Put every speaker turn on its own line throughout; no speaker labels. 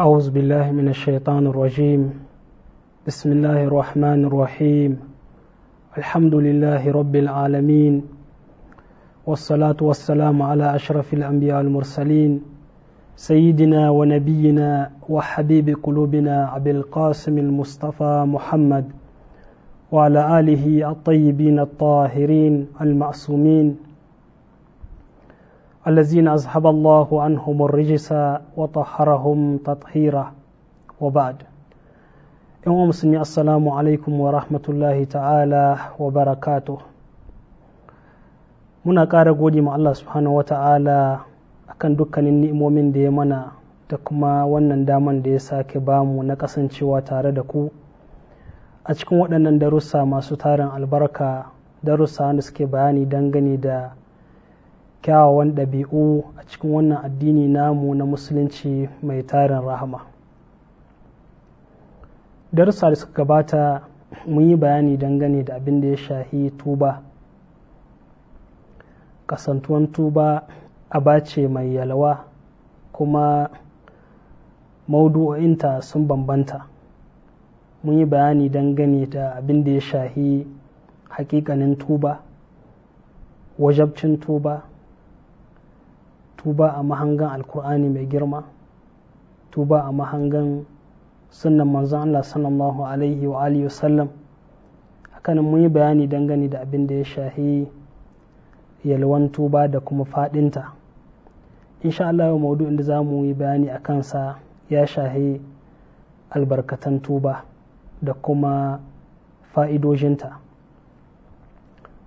أعوذ بالله من الشيطان الرجيم بسم الله الرحمن الرحيم الحمد لله رب العالمين والصلاة والسلام على أشرف الأنبياء المرسلين سيدنا ونبينا وحبيب قلوبنا أبي القاسم المصطفى محمد وعلى آله الطيبين الطاهرين المعصومين الذين أذهب الله عنهم الرجس وطهرهم تطهيرا وبعد yan musulmi assalamu alaikum wa rahmatullahi ta'ala wa barakatu muna ƙara gode ma Allah subhanahu wa ta'ala akan dukkanin ni'imomin da ya mana da kuma wannan daman da ya sake bamu na kasancewa tare da ku a cikin waɗannan darussa masu tarin albarka darussa wanda suke bayani dangane da kyawawan ɗabi'u a cikin wannan addini namu na musulunci mai tarin rahama darussa da suka gabata mun yi bayani dangane da abin da ya shahi tuba kasantuwan tuba aba ce mai yalwa kuma maudu'o'inta sun bambanta mun yi bayani dangane da abin da ya shahi hakikanin tuba wajabcin tuba tuba a mahangan alkur'ani mai girma tuba a mahangan sunan manzan Allah sallallahu alaihi wa alihi wasallam hakanan mun yi bayani dangane da abin da ya shahi yalwan tuba da kuma fadinta insha Allah yau maudu'in da zamu yi bayani a kansa ya shahi albarkatan tuba da kuma fa'idojinta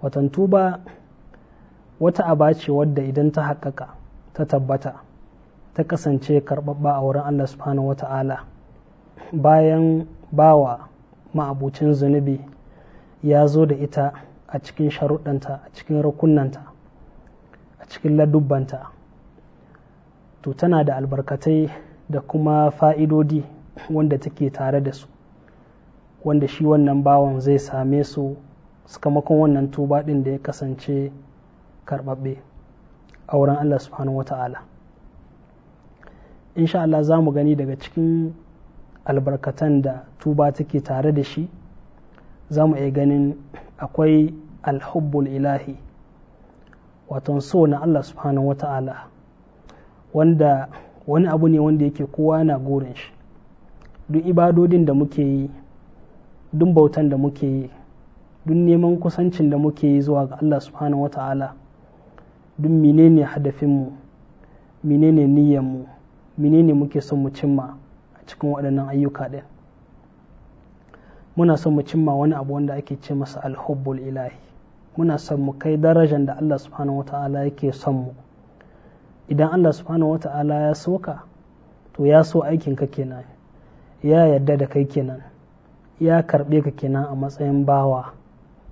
watan tuba wata aba ce wadda idan ta haƙaƙa ta tabbata ta kasance karɓaɓɓa a wurin Allah subhanahu wa ta'ala bayan bawa ma'abucin zunubi ya zo da ita a cikin sharuɗanta a cikin rukunanta a cikin ladubbanta to tana da albarkatai da kuma fa'idodi wanda take tare da su wanda shi wannan bawan zai same su sakamakon wannan tuba ɗin da ya kasance karɓaɓɓe. a wurin Allah subhanahu wa ta'ala insha Allah za mu gani daga cikin albarkatan da tuba take tare da shi za mu iya ganin akwai alhubbul ilahi wato so na Allah subhanahu wa ta'ala wanda wani abu ne wanda yake kowa na gurin shi duk ibadodin da muke yi duk bautan da muke yi duk neman kusancin da muke yi zuwa ga Allah subhanahu wa ta'ala duk menene hadafinmu menene niyyarmu menene muke son mu cimma a cikin waɗannan ayyuka ɗin muna son mu cimma wani abu wanda ake ce masa alhubbul ilahi muna son mu kai darajar da Allah subhanahu wata'ala yake son mu idan Allah subhanahu wata'ala ya so ka to ya so aikin ka kenan ya yarda da kai kenan ya karɓe ka kenan a matsayin bawa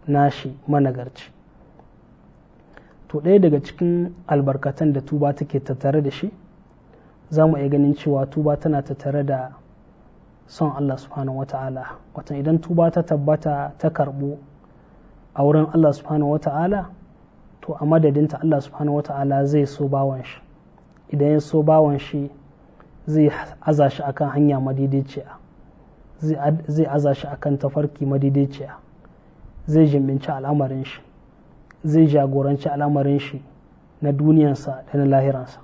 nashi managarci to ɗaya daga cikin albarkatan da tuba take tattare da shi za mu iya ganin cewa tuba tana tattare da son Allah subhanahu wa ta'ala watan idan tuba ta tabbata ta karɓo a wurin Allah subhanahu wa ta'ala to a madadinta Allah subhanahu wa ta'ala zai so bawan shi idan ya so bawan shi zai aza shi akan hanya madidiciya zai aza shi akan tafarki madidiciya zai jimbinci al'amarin shi zai jagoranci al'amarin shi na duniyansa da na lahiransa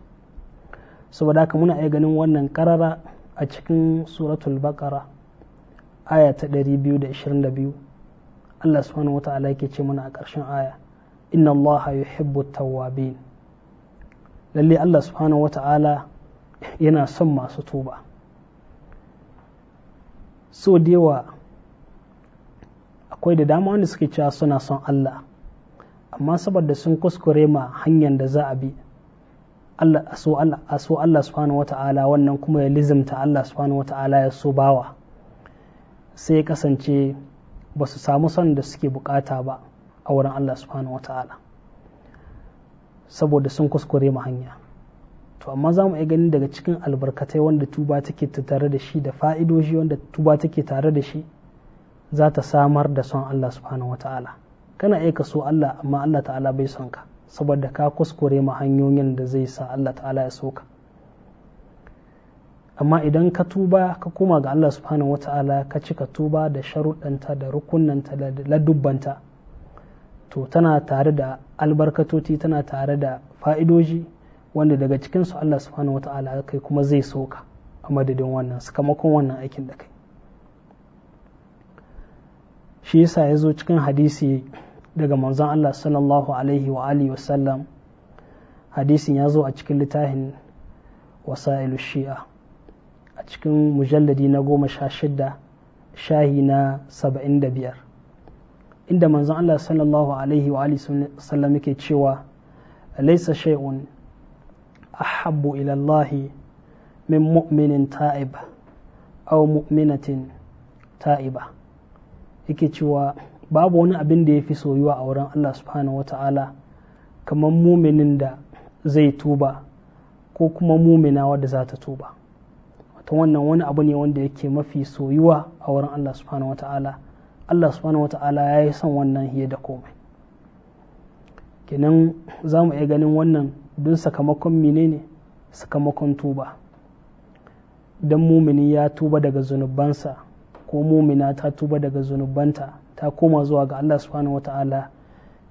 saboda haka muna iya ganin wannan karara a cikin suratul baqara aya ta 222 Allah subhanahu wata'ala yake ce mana a ƙarshen aya inna allaha yuhibbu tawwabin lalle Allah subhanahu wata'ala yana son masu tuba so da akwai da dama wanda suke cewa suna son Allah amma saboda sun kuskure ma hanyar da za a bi a so Allah subhanahu wata'ala wannan kuma ya lizimta Allah subhanahu wata'ala ya so bawa sai ya kasance ba su samu son da suke bukata ba a wurin Allah subhanahu wata'ala saboda sun kuskure ma hanya to amma za mu iya ganin daga cikin albarkatai wanda tuba take tare da shi da fa'idoji wanda tuba take tare da shi za ta samar da son Allah subhanahu wata'ala kana aika so Allah amma Allah ta'ala bai son ka saboda ka kuskure ma hanyoyin da zai sa Allah ta'ala ya so ka amma idan ka tuba ka koma ga Allah subhanahu wata'ala ka cika tuba da sharuɗanta da rukunanta da ladubbanta to tana tare da albarkatoci tana tare da fa'idoji wanda daga cikinsu Allah subhanahu wata'ala kai kuma zai so ka a madadin wannan sakamakon wannan aikin da kai shi yasa ya zo cikin hadisi daga manzon Allah sallallahu alaihi wa alihi wasallam hadisin ya zo a cikin littafin wasa'ilu shi'a a cikin mujalladi na goma sha shida shahi na saba'in da biyar inda manzon Allah sallallahu alaihi wa alihi wasallam yake cewa laisa shay'un ahabbu ila Allah min mu'minin Ta'iba aw mu'minatin ta'iba yake cewa babu wani abin da ya fi soyuwa a wurin Allah subhanahu wata'ala kamar muminin da zai tuba ko kuma mumina wadda za ta tuba wata wannan wani abu ne wanda yake mafi soyuwa a wurin Allah subhanahu wata'ala Allah subhanahu wata'ala ya yi son wannan hiye da komai kenan za mu iya ganin wannan don sakamakon menene sakamakon tuba don mumini ya tuba daga zunubansa ko mumina ta tuba daga zunubanta ta koma zuwa ga Allah subhanahu ta'ala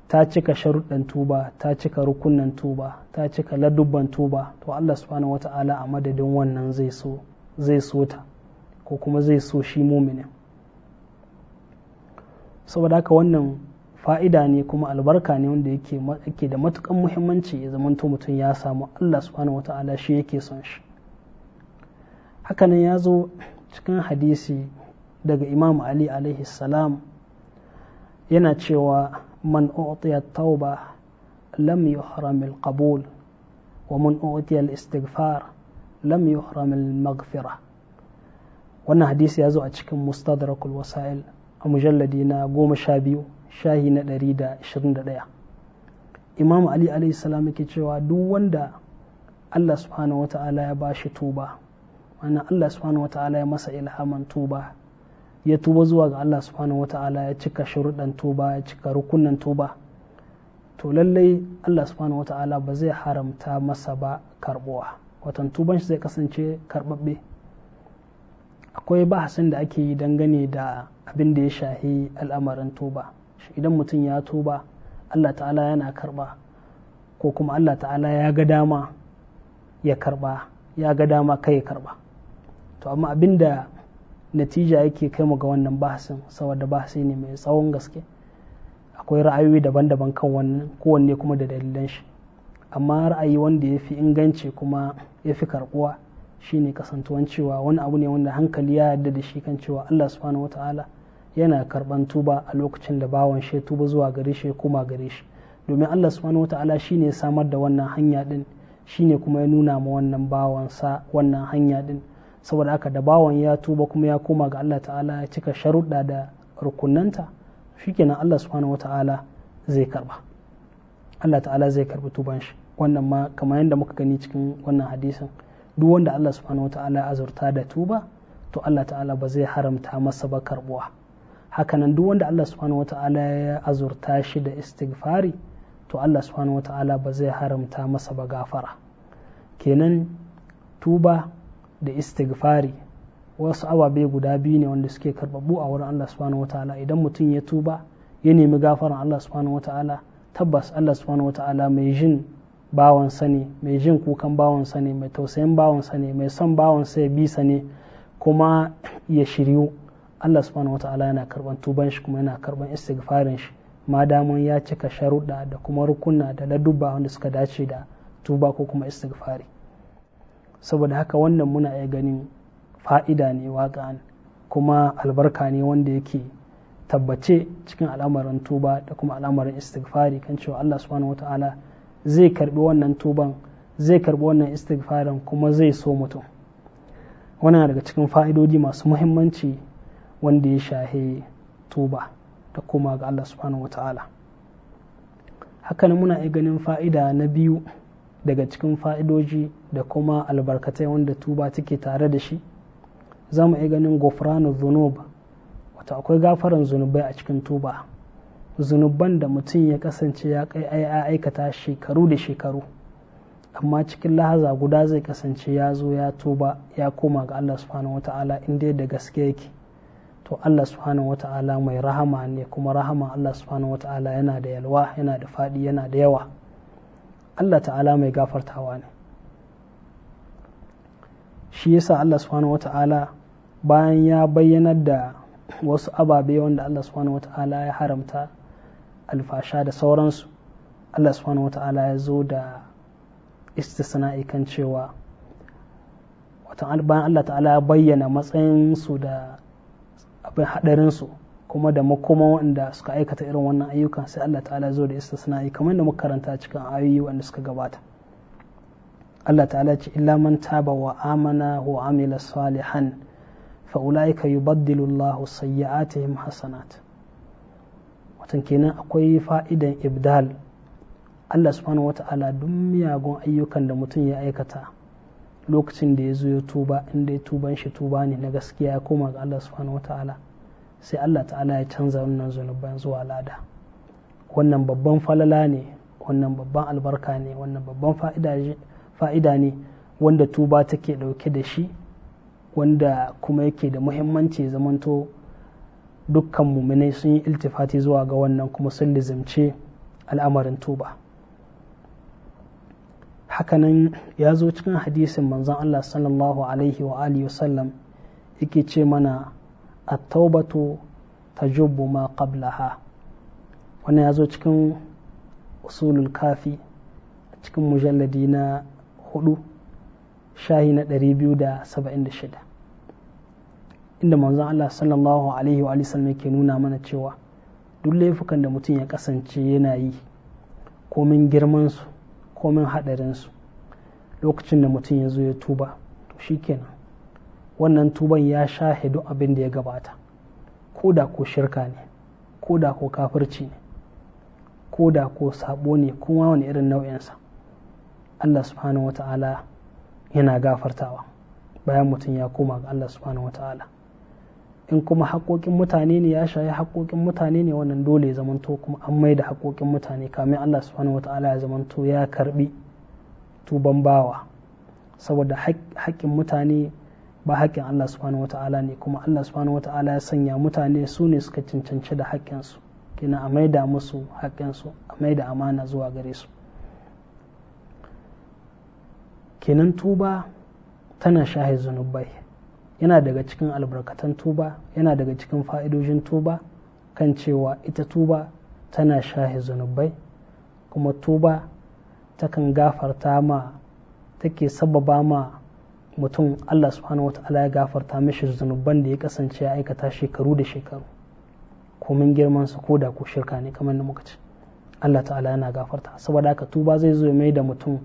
ta cika sharuɗan tuba ta cika rukunan tuba ta cika ladubban tuba to Allah subhanahu ta'ala a madadin wannan zai so zai so ta ko kuma zai so shi muminin saboda haka wannan fa'ida ne kuma albarka ne wanda yake da matukan muhimmanci ya to mutum ya samu Allah subhanahu ta'ala shi yake son shi hakanan ya zo cikin hadisi daga imam ali alaihi salam yana cewa man utiya tauba lam yuhram al-qabul wa man utiya al-istighfar lam yuhram al-maghfira wannan hadisi ya zo a cikin mustadrakul wasail a mujalladi na goma sha biyu shahi na ɗari da ishirin da ɗaya ali alayhi salam yake cewa duk wanda allah subhanahu wa ta'ala ya bashi tuba ana allah subhanahu wa ta'ala ya masa ilhaman tuba ya tuba zuwa ga Allah subhanahu ta'ala ya cika shuruɗan tuba ya cika rukunan tuba to lallai Allah subhanahu ta'ala ba zai haramta masa ba karbuwa watan tuban shi zai kasance karbabbe akwai bahasin da ake yi dangane da abin da ya shahi al'amarin tuba idan mutum ya tuba Allah ta'ala yana karba ko kuma Allah ta'ala ya ga dama ya karba ya ga dama kai ya karba to amma abin da natija yake kai mu ga wannan bahasin saboda bahasi ne mai tsawon gaske akwai ra'ayoyi daban-daban kan wannan kowanne kuma da dalilan shi amma ra'ayi wanda ya fi inganci kuma ya fi karbuwa shine kasantuwan cewa wani abu ne wanda hankali ya yarda da shi kan cewa Allah subhanahu wataala yana karban tuba a lokacin da bawan shi tuba zuwa gare shi kuma gare shi domin Allah subhanahu wataala shine ya samar da wannan hanya din shine kuma ya nuna ma wannan bawansa wannan hanya din saboda aka da bawan ya tuba kuma ya koma ga Allah ta'ala ya cika sharuɗa da rukunanta shikenan Allah subhanahu wata'ala zai karba Allah ta'ala zai karbi tuban shi wannan ma kamar yadda muka gani cikin wannan hadisin duk wanda Allah subhanahu wata'ala azurta da tuba to Allah ta'ala ba zai haramta masa ba karbuwa hakanan duk wanda Allah subhanahu wata'ala ya azurta shi da istighfari to Allah subhanahu wata'ala ba zai haramta masa ba gafara kenan tuba da istighfari wasu ababe guda biyu ne wanda suke karbabu a wurin Allah subhanahu wataala idan mutum ya tuba ya nemi gafaran Allah subhanahu wataala tabbas Allah subhanahu wataala mai jin bawansa ne mai jin kukan bawansa ne mai tausayin bawansa ne mai son bawansa ya bisa ne kuma ya shiryu Allah subhanahu wataala yana karban tuban shi kuma yana karban istighfarin shi madamun ya cika sharuɗa da kuma rukunna da ladubba wanda suka dace da tuba ko kuma istighfari saboda haka wannan muna iya ganin fa'ida ne waƙa'an kuma albarka ne wanda yake tabbace cikin al'amarin tuba da kuma al'amarin istighfari kan cewa Allah subhanahu ta’ala zai karbi wannan tuban zai karbi wannan istighfarin kuma zai so mutum wannan daga cikin fa'idodi masu muhimmanci wanda ya shahe tuba da kuma ga Allah subhanahu wata'ala hakanan muna iya ganin fa'ida na biyu daga cikin fa'idoji da kuma albarkatai wanda tuba take tare da shi za mu iya ganin gofrano zunub wata akwai gafaran zunubai a cikin tuba zunuban da mutum ya kasance ya kai aikata shekaru da shekaru amma cikin lahaza guda zai kasance ya zo ya tuba ya koma ga Allah subhanahu wata'ala in dai da gaske yake to Allah subhanahu wata'ala mai rahama ne kuma rahama Allah subhanahu wata'ala yana da yalwa yana da fadi yana da yawa Allah ta'ala mai gafartawa ne shi yasa Allah subhanahu wa ta'ala bayan ya bayyanar da wasu ababe wanda Allah subhanahu wa ta'ala ya haramta alfasha da sauransu Allah subhanahu wa ta'ala ya zo da istisna'i kan cewa bayan Allah ta'ala ya bayyana matsayinsu da abin haɗarinsu kuma da makoma waɗanda suka aikata irin wannan ayyukan sai Allah ta'ala zo da istisna'i kamar da makaranta cikin ayoyi wanda suka gabata Allah ta'ala ce illa man taba wa amana wa amila salihan fa ulaika yubaddilu Allah sayyi'atihim hasanat watan kenan akwai fa'idan ibdal Allah subhanahu wata'ala duk miyagun ayyukan da mutum ya aikata lokacin da ya zo ya tuba inda ya tuban shi tuba ne na gaskiya ya koma ga Allah subhanahu wata'ala sai Allah ta'ala ya canza wannan zunuban zuwa lada wannan babban falala ne wannan babban albarka ne wannan babban fa'ida ne wanda tuba take ɗauke da shi wanda kuma yake da muhimmanci zamanto dukkan muminai sun yi iltifati zuwa ga wannan kuma sun lizimce al'amarin tuba hakanan ya zo cikin hadisin manzon Allah sallallahu alaihi wa alihi wasallam yake ce mana attaubatu taubatu tajubbu ma qablaha wannan ya zo cikin usulul kafi a cikin mujalladi na hudu shahi na da 276 inda manzon Allah sallallahu alaihi wa sallam yake nuna mana cewa duk laifukan da mutum ya kasance yana yi komin girmansu komin haɗarinsu lokacin da mutum ya zo ya tuba to shi shikenan wannan tuban ya sha hidu abin da ya gabata ko da ko shirka ne ko da ko kafirci ne ko da ko sabo ne kuma wani irin nau'insa Allah subhanahu wata'ala yana gafartawa bayan mutum ya koma ga Allah subhanahu wata'ala in kuma haƙoƙin mutane ne ya shaye haƙoƙin mutane ne wannan dole ya zamanto kuma an mai da haƙoƙin mutane kamin Allah subhanahu wata'ala ya zamanto ya karbi tuban bawa saboda haƙƙin mutane ba haƙƙin Allah subhanahu wata'ala ne kuma Allah subhanahu wata'ala ya sanya mutane su ne suka cancanci da haƙƙinsu kina a maida musu haƙƙinsu a maida amana zuwa gare su kenan tuba tana shahe zunubai yana daga cikin albarkatan tuba yana daga cikin fa'idojin tuba kan cewa ita tuba tana shahe zunubai kuma tuba takan gafarta ma take sababa ma mutum Allah subhanahu wata'ala ya gafarta mashi zunuban da ya kasance ya aikata shekaru da shekaru komin girman su koda ko shirka ne kamar da muka ce Allah ta'ala yana gafarta saboda haka tuba zai zo mai da mutum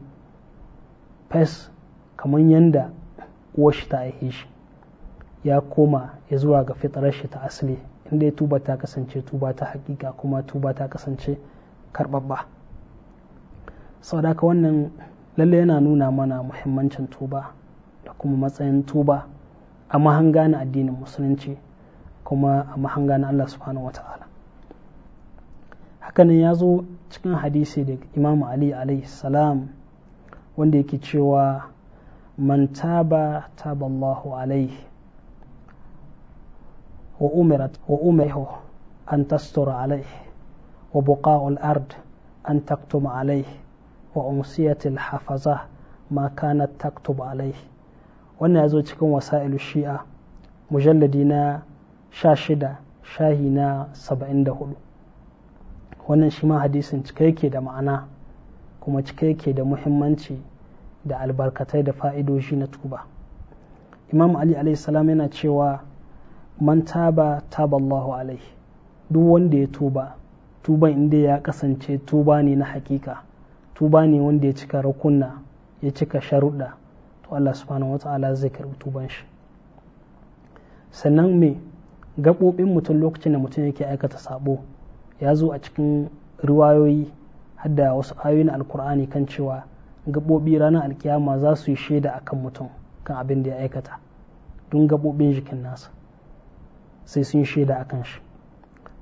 fes kamar yanda uwar ta aihe shi ya koma ya zuwa ga fitarar shi ta asali inda ya tuba ta kasance tuba ta hakika kuma tuba ta kasance karbabba saboda haka wannan lalle yana nuna mana muhimmancin tuba kuma matsayin tuba a mahanga na addinin musulunci kuma a mahanga na Allah subhanahu wa ta'ala hakanan ya zo cikin hadisi da imamu ali alaihi salam wanda yake cewa man taba taba Allahu alaihi wa umirat wa umihu an tastura alaihi wa buqa'ul ard an taktuma alaihi wa umsiyatil hafaza ma kanat taktub alaihi wannan ya zo cikin wasa'ilu shi'a mujalladi na sha shida shahi na saba'in da hudu wannan shi ma hadisin cika yake da ma'ana kuma cika yake da muhimmanci da albarkatai da fa'idoji na tuba imam ali salam yana cewa man taba taba allahu alaihi duk wanda ya tuba tuban inda ya kasance tuba ne na hakika tuba ne wanda ya cika rukunna ya cika sharuɗa to Allah subhanahu wata'ala zai karbi tuban shi sannan me gaɓoɓin mutum lokacin da mutum yake aikata sabo ya zo a cikin riwayoyi hadda wasu ayoyin alkur'ani kan cewa gaɓoɓi ranar alkiyama za su yi shaida a kan mutum kan abin da ya aikata don gaɓoɓin jikin nasa sai sun shaida a kan shi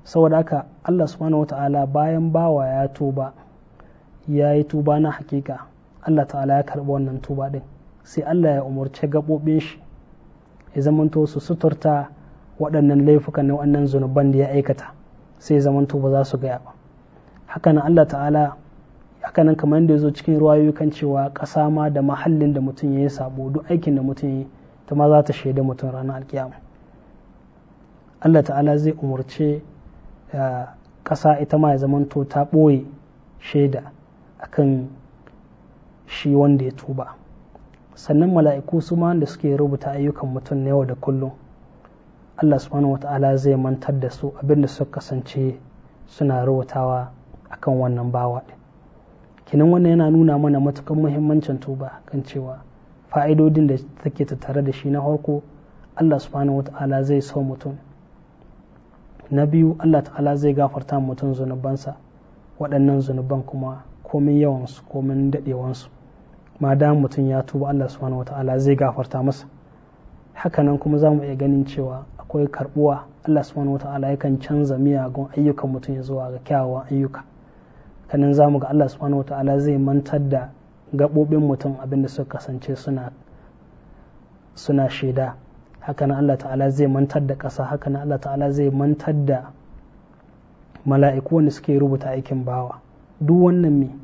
saboda haka Allah subhanahu wata'ala bayan bawa ya tuba ya yi tuba na hakika Allah ta'ala ya karɓi wannan tuba ɗin sai Allah ya umarci gaɓoɓin shi ya zamanto su suturta waɗannan laifukan na waɗannan zunuban da ya aikata sai ya zamanto ba za su gaya ba hakanan Allah ta'ala hakanan kamar da ya zo cikin ruwayoyi kan cewa ƙasa ma da mahallin da mutum ya yi sabo duk aikin da mutum ya yi ta ma za ta shaida mutum ranar alkiyama Allah ta'ala zai umarci eh, ƙasa ita ma ya zamanto ta ɓoye shaida akan shi wanda ya tuba sannan mala'iku su ma da suke rubuta ayyukan mutum na yau da kullum Allah subhanahu wata'ala zai mantar da su abinda suka kasance suna rubutawa akan wannan bawa ɗin kinan wannan yana nuna mana matukan muhimmancin tuba kan cewa fa'idodin da take tattare da shi na farko Allah subhanahu wata'ala zai so mutum na biyu Allah ta'ala zai gafarta mutum zunubansa waɗannan zunuban kuma komin yawansu komin daɗewansu ma mutum ya tuba Allah subhanahu wata'ala zai gafarta masa hakanan kuma za mu iya ganin cewa akwai karbuwa Allah subhanahu wata'ala yakan canza miyagun ayyukan mutum ya zuwa ga kyawawan ayyuka kanan za mu ga Allah subhanahu wata'ala zai mantar da gaɓoɓin mutum abinda suka kasance suna suna shaida hakanan Allah ta'ala zai mantar da ƙasa hakanan Allah ta'ala zai mantar da mala'iku wanda suke rubuta aikin bawa duk wannan me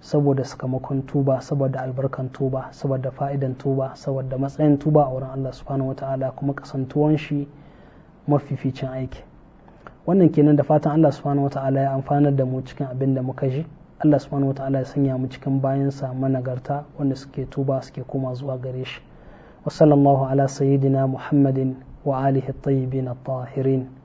saboda sakamakon tuba saboda albarkan tuba saboda fa'idan tuba saboda matsayin tuba a wurin Allah subhanahu wata'ala kuma kasantuwan shi mafificin aiki wannan kenan da fatan Allah subhanahu wata'ala ya amfanar da mu cikin abin da muka ji Allah subhanahu wata'ala ya sanya mu cikin bayansa managarta wanda suke tuba suke koma zuwa gare shi wa ala sayyidina muhammadin wa alihi tayyibin at-tahirin